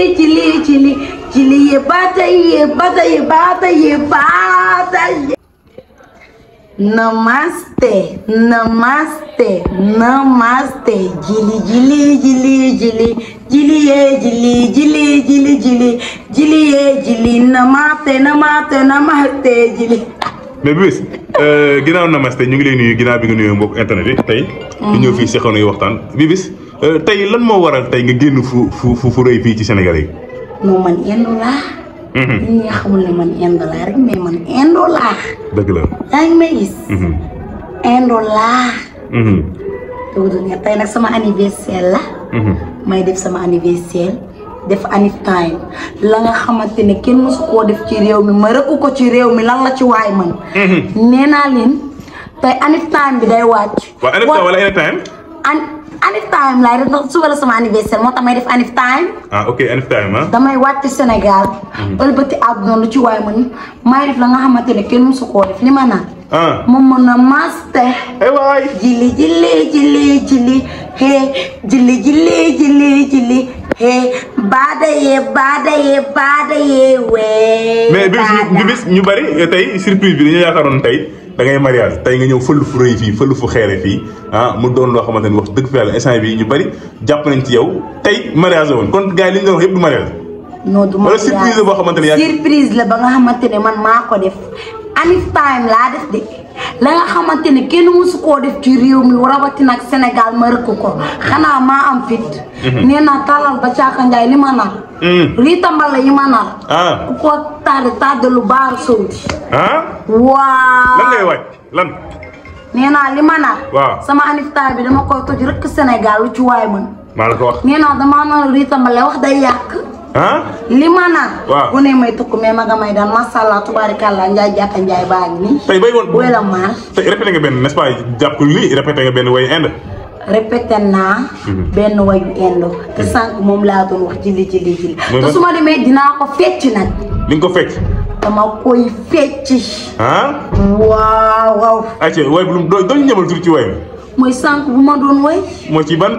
chili, chili, chili, ye bata, ye bata, ye bata, ye bata. Namaste, namaste, namaste, jili, jili, jili, jili, jili, ye, jili, jili, jili, jili, jili, ye, jili, namaste, namaste, namaste, jili. mais bis euh, ginnaaw namaste ñu ngi lay nuyu ginnaaw bi nga nuyoo mbokk internet yi tey. ñu ñëw fii si xaw nañu waxtaan bi Eh, tay lan moo waral tey nga génn fu fu fu rëy fii ci Sénégal yi. non man indo laa. Mhm. nit ñi xamul man rek mais man indo laa. dëgg la yaa may gis. Mhm. Mhm. sama anniversaire la. may def sama anniversaire def anif time la nga xamante ne kenn mosu koo def ci réew mi ma rëkku ko ci réew mi lan la ci waay man. nee naa leen tey anif time bi day wàcc. waaw anif time wala anif time. anif time laay def ndax suba la sama anniversaire moo tax may def anif time. ah ok anif time ah. damay wàcc Sénégal. Mhm. ëlbati àdduna lu ci waay man may def la nga xamante ne kenn musu koo def li ma naan. ah mu mën a master. ay eh, waay jili jili jili jili hey jili jili jili jili hey baadayee baadayee baadayee wee. mais bis ñu bari tey surprise bi dañoo yaakaaroon tey. da ngay mariage tey nga ñëw fël fu rëy fii fël fu xeere fii ah mu doon loo xamante ni wax dëgg fa yàlla instant bi ñu bëri jàpp nañ ci yow tey mariage la woon kon gars yi li wax yëpp du mariage surprise la boo xamante ne surprise la ba nga xamante ne man maa ko def Hanif Time laa def de la nga xamante ne kenn mësu koo def ci réew mi rawatina ak Sénégal ma rëkk ko xanaa maa am fit. Mhm. nee talal ba Caaka Njaay li ma nar. lii mhm. tambal la yi ma nar. Ah. ku ko tàdd tàdd lu baaru sow di. Ah? waaw lan ngay waaj lan. nee li ma nar. sama Hanif Time bi dama koy toj rëkk Sénégal lu ci waay mën. maa la ko wax nee naa damaa nar tambal la wax day yàq. li ma naan. waaw bu ne may tukk mais ma nga may daan macha allah tubaarikàlla njaay jàkka njaay baa ngi nii. tey béy woon wala maar. tey nga benn n'est-ce pas jàpp lii nga benn way inde. répété mhm. te mhm. sànq moom laa doon wax jili jili jili. te ma demee dinaa ko ko fecc. dama koy fecc. ah. waaw waaw. ayca way bu doon moo ci ban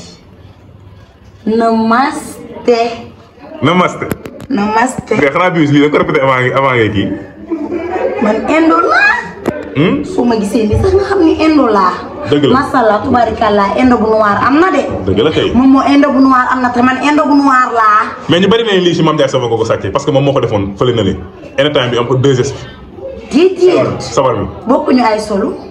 namaste. namaste. namaste. mais xanaa bii man indo laa. Hmm? ma gisee nii sax nga xam ni indo laa. dëgg la macha allah tubaarikàllaa indo bu noir am na de. dëgg la kay moom moo indo am na te man indo mais ñu bari nañ lii si Mame Ndiaye Savon nga ko sàccee parce que moom moo ko defoon fële na leen. en temps bi am ko deux esprits. déedéet sabar bi bokkuñu ay solo.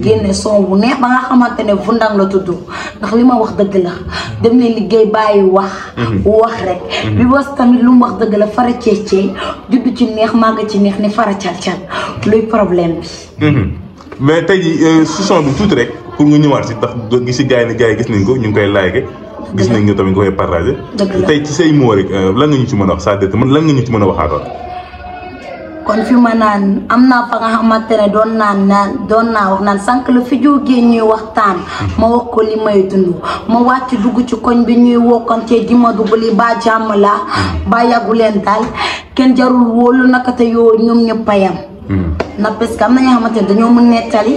génne son wu neex ba xamante ne Vundang la tudd ndax li ma wax dëgg la dem leen liggéey bàyyi wax mhm. wax rek mhm. bi tamit lu wax dëgg la fara ceecee judd ci neex màgg ci neex ni fara cal-cal luy problème bi mhm. mais tey jii euh, su son bi tuuti rek pour nga ñëwaat si ndax gis si gars gis nañ ko ñu ngi koy laajee gis nañ nga tamit nga koy partagé tey ci say moo rek euh, lan nga ñu ci mën a wax cest à lan nga ñu ci mën a waxaatoon kon fi ma naan am naa fa nga xamante ne doon naan naan doon naa wax naan sànq la fi jógee ñuy waxtaan ma wax ko li may dund ma wàcc dugg ci koñ bi ñuy wokkantee di ma dugg li ba jàmm la ba yàggu leen daal kenn jarul wóolu naka te yoo ñoom ñëpp a yam hmm. na parce am na ñoo xamante ne dañoo mën nettali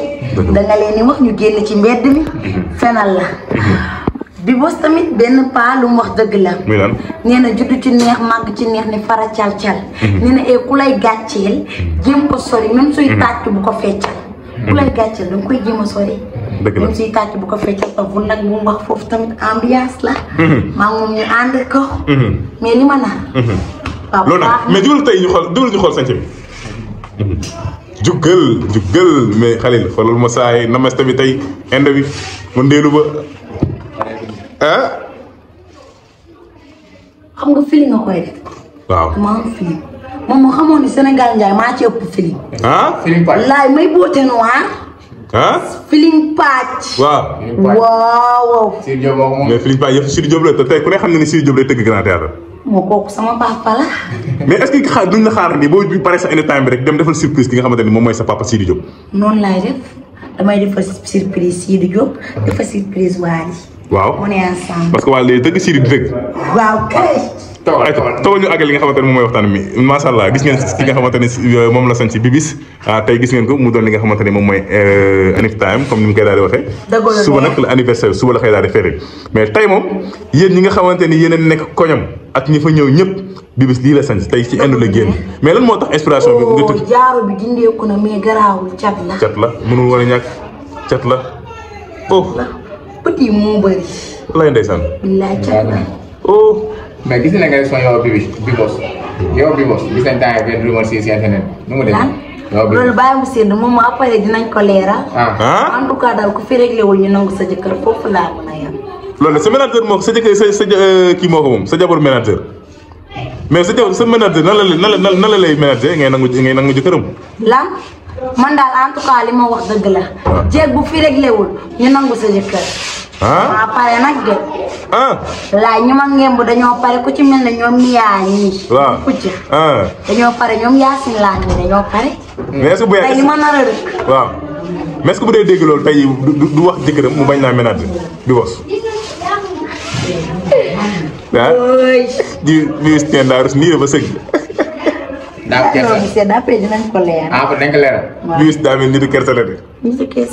da nga leen wax ñu génn ci mbedd mi hmm. fenal la hmm. bi bos tamit benn paa lu mu wax dëgg la. muy lan nee na juddu ci neex màgg ci neex ne fara cal cal. Mhm. nee na eh, ku lay gàcceel mhm. jéem ko sori même suy mhm. tàcc bu ko feccal. ku lay gàcceel da koy jéem a sori. dëgg suy tàcc bu ko feccal te bu nag bu mu wax foofu tamit ambiance la. maa moom ñu ànd ko. mais li ma naan. loolu nag mais jugal tey jugal jugal mais xalil xoolal ma saa yi bi tey inde bi mu ndeelu ba. xam nga fili nga koy def. waaw maa ngi fili moom mu xamoon ni Sénégal Ndiaye maa ci ëpp fili. ah fili pàcc. wallaay waaw. waaw. Sidi Diop waxuma. mais fili pàcc yëpp la te ku ne xam na ni Sidi Diop lay tëgg Grand Théâtre. moo kooku sama papa la. mais est-ce que xaar duñ la xaar nii boo paree bi rek dem defal surprise ki nga xamante ni moom mooy sa papa Sidi Diop. noonu laay def damay defal surprise Sidi Diop defal surprise Waly. waaw mu ne ensemble. parce que waa léegi dëgg Sidi dëgg. waaw kay. taw taw ñu àggal li nga xamante ne moom mooy waxtaan mi macha allah gis ngeen ki nga xamante ne euh, moom la sañ ci bibis ah, tey gis ngeen ko mu doon li nga xamante ne moom mooy euh, anniv time comme ni mu koy daal di waxee. la anniversaire suba mais tey moom yéen ñi nga xamante ni yéen a nekk koñam ak ñi fa ñëw ñëpp bibis lii la sañ tey ci ind la génn mais lan moo tax inspiration bi. nga oh, tëj jaaro cat la. cat la mënul war a ñàkk cat la oh pët yi moo bëri. lay ndeysaan. billaay cat na. oh. mais gis nañ réaction yow bi bi bos yow ya, bi bos gis nañ temps si internet nu mu demee. loolu bàyyi mu sédd moom mu après dinañ ko leeral. en tout cas daal ku fi réglé wu ñu nangu sa jëkkër foofu laa mën a yem. loolu sa ménateur moo sa jëkkër sa sa kii moo ko moom sa jabar man dal en tout cas lima wax deug la. djeg bu fi réglé wul ñu nangu sa jëkkër. ah paré nak de. ah. la ñu ma ngemb dañu paré ku ci melni mel ne ñoom wa ku ci kucc. dañu paré ñom yasin la ñii dañu paré mais est-ce que bu tey li ma nar a rëkk. mais est-ce que bu dé dégg lool tay du wax jëkkëram mu bañ na ménage bi bos. ah di ministère Ndarous nii dafa sëgg. daa kersa gisee daa pare dinañ ko leer. ah dinañ ko leeral. waaw Youssou daa mel ni du la de.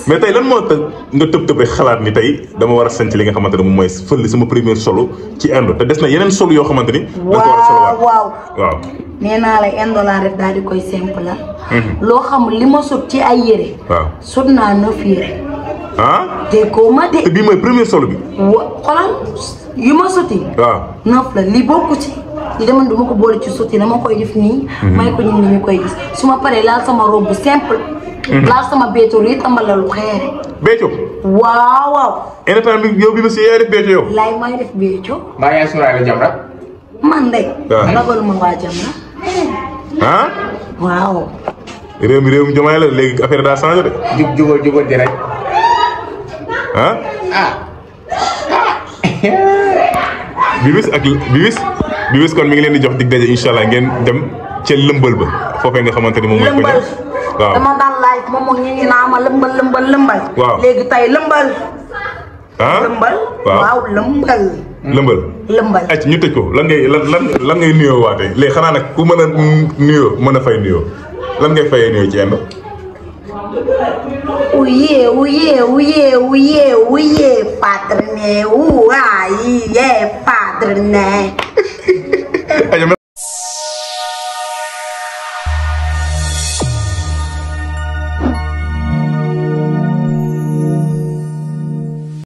mais tey lan moo tax nga tëb tëb xalaat ni tey dama war a sanc li nga xamante ne moom mooy fëlli sama première solo ci indo te des na yeneen solo yoo xamante ni. da ko war waaw waaw. nee naa la indo laa def daal di koy simple mhm. loo xam li ma sut ci ay yére. waaw sut naa neuf yére. te ah? koo ma de. te bii mooy première solo bi. wa xoolal yu ma suti. waaw neuf la li bokku ci. li dama du ma ko boole ci sotti dama koy def nii. Mhm. may ko ñun ñu koy su ma paree laal sama robe bu simple. Mhm. laal sama béykat yi tàmbali la lu xeere. béykat. waaw waaw. en tant may def béykat. mbaa man de. waaw ragaluma waa Jamra. ah. waaw. réew mi réew mi Diomaye la léegi affaire daa changé de. jub jubal ah. Ah. bibis ak bibis. bi bés mi ngi leen di jox dig daje incha allah ngeen dem ca lëmbal ba foofee nga xamante ni moom mooy. moom moom ñu ngi naa ma ñu tëj ko lan ngay lan lan lan nuyoo waatee léegi xanaa nag ku mën a nuyoo mën a fay nuyoo lan ngay fayee nuyoo ci Endo. Uye, uye, uye, uye, uye, padrone, uai, é padrone.